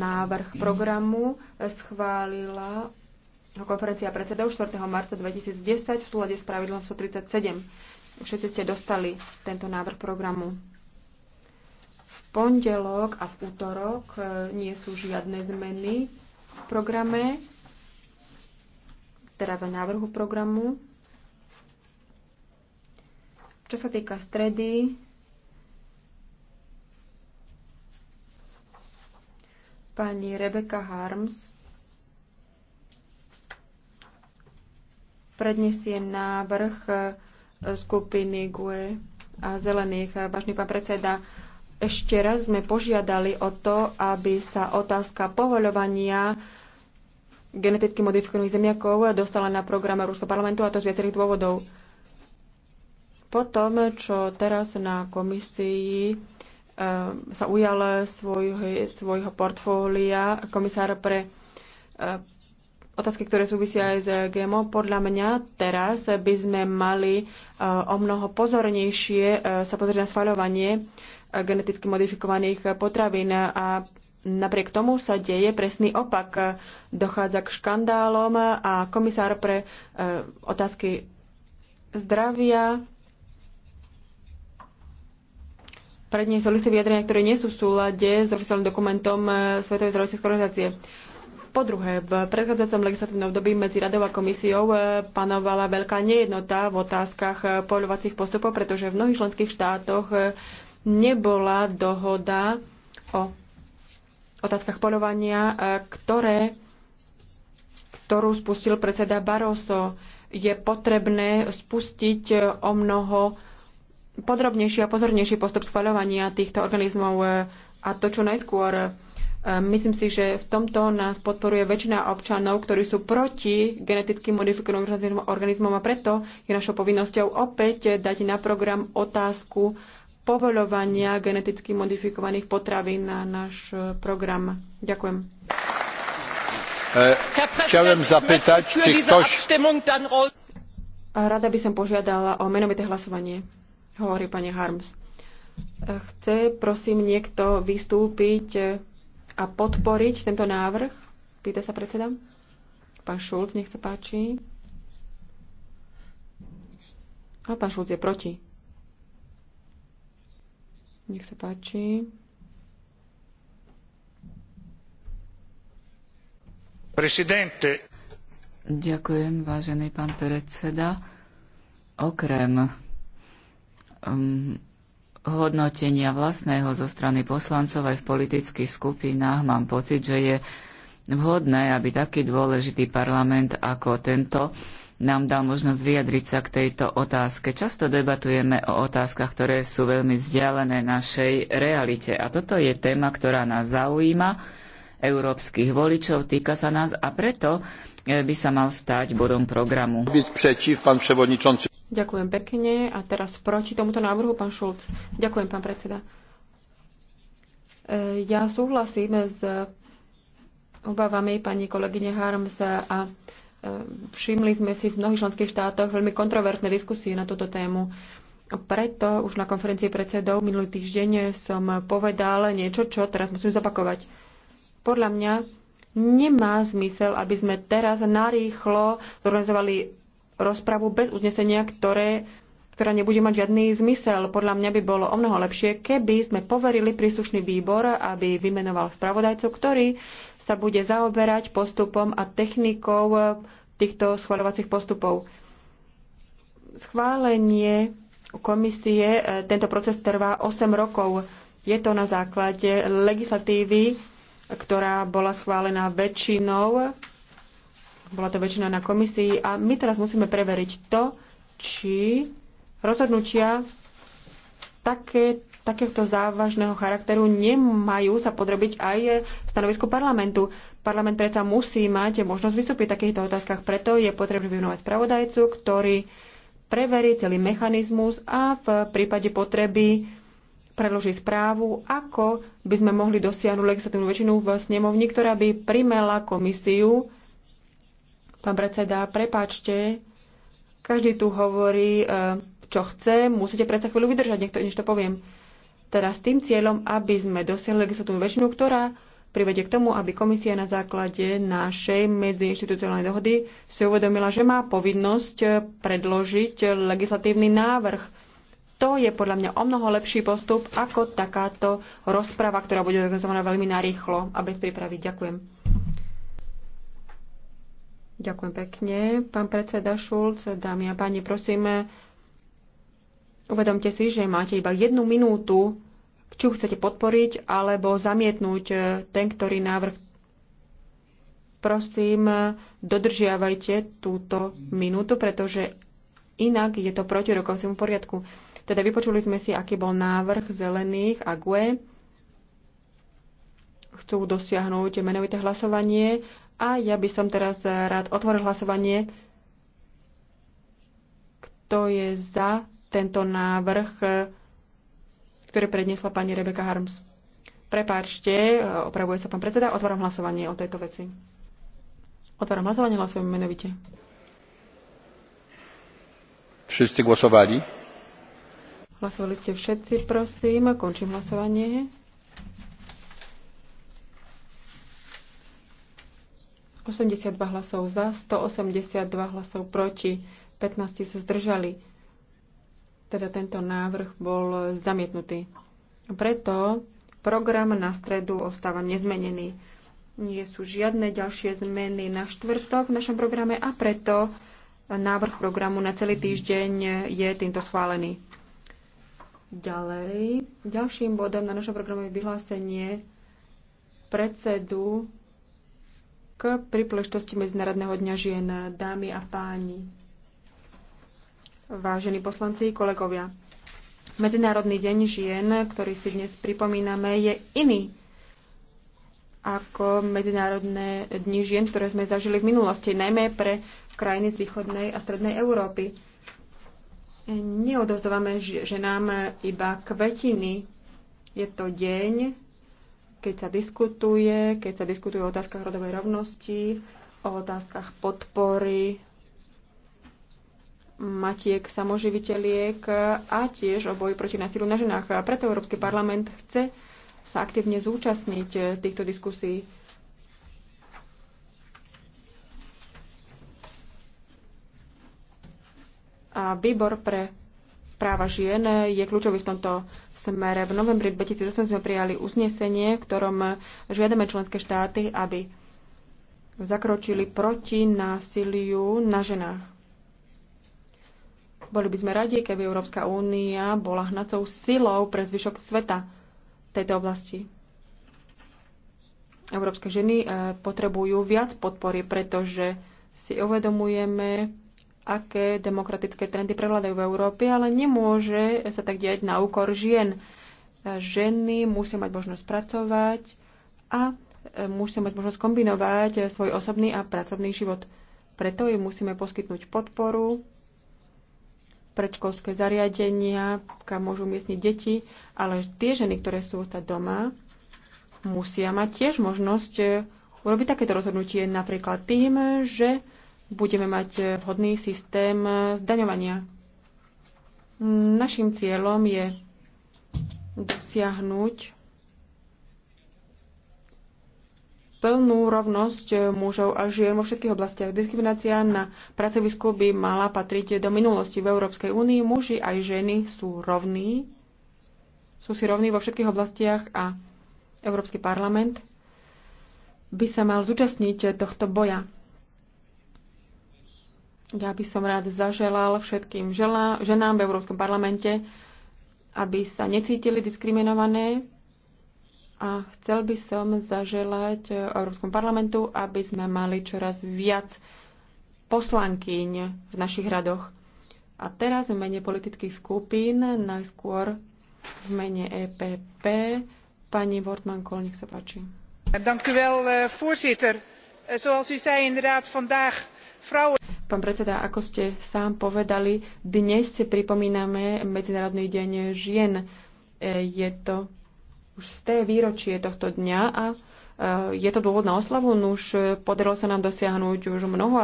návrh programu schválila konferencia predsedov 4. marca 2010 v súlade s pravidlom 137. Všetci ste dostali tento návrh programu. V pondelok a v útorok e, nie sú žiadne zmeny v programe, teda v návrhu programu. Čo sa týka stredy, pani Rebecca Harms prednesie návrh e, skupiny GUE a zelených. E, vážny pán predseda, ešte raz sme požiadali o to, aby sa otázka povoľovania geneticky modifikovaných zemiakov dostala na program Európskeho parlamentu a to z viacerých dôvodov. Potom, čo teraz na komisii Eh, sa ujal svojho, svojho portfólia komisár pre eh, otázky, ktoré súvisia aj s GMO. Podľa mňa teraz by sme mali eh, o mnoho pozornejšie sa pozrieť na schvaľovanie geneticky modifikovaných potravín a napriek tomu sa deje presný opak. Dochádza k škandálom a komisár pre otázky zdravia predniesol listy vyjadrenia, ktoré nie sú v súlade s oficiálnym dokumentom eh, Svetovej zdravotníckej organizácie. Po druhé, v predchádzajúcom legislatívnom období medzi radou a komisiou eh, panovala veľká nejednota v otázkach eh, poľovacích postupov, pretože v mnohých členských štátoch nebola dohoda o otázkach poľovania, ktoré, ktorú spustil predseda Barroso. Je potrebné spustiť o mnoho podrobnejší a pozornejší postup schvaľovania týchto organizmov e, a to čo najskôr. E, myslím si, že v tomto nás podporuje väčšina občanov, ktorí sú proti geneticky modifikovaným organizmom a preto je našou povinnosťou opäť dať na program otázku povolovania geneticky modifikovaných potravín na náš e, program. Ďakujem. Chciałem zapýtať či ktoś... Rada by som požiadala o menovité hlasovanie hovorí pani Harms. E, chce prosím niekto vystúpiť e, a podporiť tento návrh? Pýta sa predseda. Pán Šulc, nech sa páči. A pán Šulc je proti. Nech sa páči. Presidente. Ďakujem, vážený pán predseda. Okrem um, hodnotenia vlastného zo strany poslancov aj v politických skupinách mám pocit, že je vhodné, aby taký dôležitý parlament ako tento nám dal možnosť vyjadriť sa k tejto otázke. Často debatujeme o otázkach, ktoré sú veľmi vzdialené našej realite. A toto je téma, ktorá nás zaujíma, európskych voličov, týka sa nás a preto eh, by sa mal stať bodom programu. Byť pán Ďakujem pekne. A teraz proti tomuto návrhu, pán Šulc. Ďakujem, pán predseda. E, ja súhlasím s obávami pani kolegyne Harms a e, všimli sme si v mnohých členských štátoch veľmi kontroverzné diskusie na túto tému. Preto už na konferencii predsedov minulý týždeň som povedal niečo, čo teraz musím zapakovať. Podľa mňa nemá zmysel, aby sme teraz narýchlo zorganizovali rozpravu bez uznesenia, ktoré, ktorá nebude mať žiadny zmysel. Podľa mňa by bolo o mnoho lepšie, keby sme poverili príslušný výbor, aby vymenoval spravodajcu, ktorý sa bude zaoberať postupom a technikou e, týchto schváľovacích postupov. Schválenie komisie, e, tento proces trvá 8 rokov. Je to na základe legislatívy, ktorá bola schválená väčšinou bola to väčšina na komisii a my teraz musíme preveriť to, či rozhodnutia také, takéhto závažného charakteru nemajú sa podrobiť aj stanovisku parlamentu. Parlament predsa musí mať možnosť vystúpiť v takýchto otázkach, preto je potrebné vyvinovať spravodajcu, ktorý preverí celý mechanizmus a v prípade potreby predloží správu, ako by sme mohli dosiahnuť legislatívnu väčšinu v snemovni, ktorá by primela komisiu Pán predseda, prepáčte, každý tu hovorí, e, čo chce, musíte predsa chvíľu vydržať, niekto niečo poviem. Teda s tým cieľom, aby sme dosiahli legislatívnu väčšinu, ktorá privedie k tomu, aby komisia na základe našej medziinstitucionálnej dohody si uvedomila, že má povinnosť e, predložiť legislatívny návrh. To je podľa mňa o mnoho lepší postup ako takáto rozprava, ktorá bude organizovaná veľmi narýchlo a bez prípravy. Ďakujem. Ďakujem pekne. Pán predseda Šulc, dámy a páni, prosím, uvedomte si, že máte iba jednu minútu, či chcete podporiť alebo zamietnúť eh, ten, ktorý návrh. Prosím, dodržiavajte túto minútu, pretože inak je to proti rokovacímu poriadku. Teda vypočuli sme si, aký bol návrh zelených a GUE. Chcú dosiahnuť menovité hlasovanie a ja by som teraz rád otvoril hlasovanie. Kto je za tento návrh, ktorý predniesla pani Rebeka Harms? Prepáčte, opravuje sa pán predseda, otváram hlasovanie o tejto veci. Otváram hlasovanie, hlasujem menovite. Všetci hlasovali? Hlasovali ste všetci, prosím. Končím hlasovanie. 82 hlasov za, 182 hlasov proti, 15 sa zdržali. Teda tento návrh bol zamietnutý. Preto program na stredu ostáva nezmenený. Nie sú žiadne ďalšie zmeny na štvrtok v našom programe a preto návrh programu na celý týždeň je týmto schválený. Ďalej, ďalším bodom na našom programe je vyhlásenie predsedu k príležitosti Medzinárodného dňa žien, dámy a páni. Vážení poslanci, kolegovia, Medzinárodný deň žien, ktorý si dnes pripomíname, je iný ako medzinárodné dni žien, ktoré sme zažili v minulosti, najmä pre krajiny z východnej a strednej Európy. Neodozdávame ženám iba kvetiny. Je to deň, keď sa diskutuje, keď sa diskutuje o otázkach rodovej rovnosti, o otázkach podpory matiek samoživiteľiek a tiež o boji proti násilu na ženách. A preto Európsky parlament chce sa aktívne zúčastniť týchto diskusí. A výbor pre práva žien je kľúčový v tomto smere. V novembri 2008 sme prijali uznesenie, v ktorom žiadame členské štáty, aby zakročili proti násiliu na ženách. Boli by sme radi, keby Európska únia bola hnacou silou pre zvyšok sveta v tejto oblasti. Európske ženy eh, potrebujú viac podpory, pretože si uvedomujeme, aké demokratické trendy prevládajú v Európe, ale nemôže sa tak diať na úkor žien. Ženy musia mať možnosť pracovať a e, musia mať možnosť kombinovať e, svoj osobný a pracovný život. Preto im musíme poskytnúť podporu, predškolské zariadenia, kam môžu miestniť deti, ale tie ženy, ktoré sú ostať doma, musia mať tiež možnosť e, urobiť takéto rozhodnutie napríklad tým, že budeme mať e, vhodný systém e, zdaňovania. Našim cieľom je dosiahnuť plnú rovnosť e, mužov a žien vo všetkých oblastiach. Diskriminácia na pracovisku by mala patriť do minulosti. V Európskej únii muži aj ženy sú rovní, sú si rovní vo všetkých oblastiach a Európsky parlament by sa mal zúčastniť tohto boja. Ja by som rád zaželal všetkým žela, ženám v Európskom parlamente, aby sa necítili diskriminované a chcel by som zaželať eh, Európskom parlamentu, aby sme mali čoraz viac poslankyň v našich radoch. A teraz v mene politických skupín, najskôr v mene EPP, pani Wortman Kool, nech sa páči. Dank u wel, eh, voorzitter. Eh, zoals u zei, inderdaad vandaag vrouwen. Pán predseda, ako ste sám povedali, dnes si pripomíname Medzinárodný deň žien. E, je to už z té výročie tohto dňa a e, je to dôvod na oslavu. Už podarilo sa nám dosiahnuť už mnoho,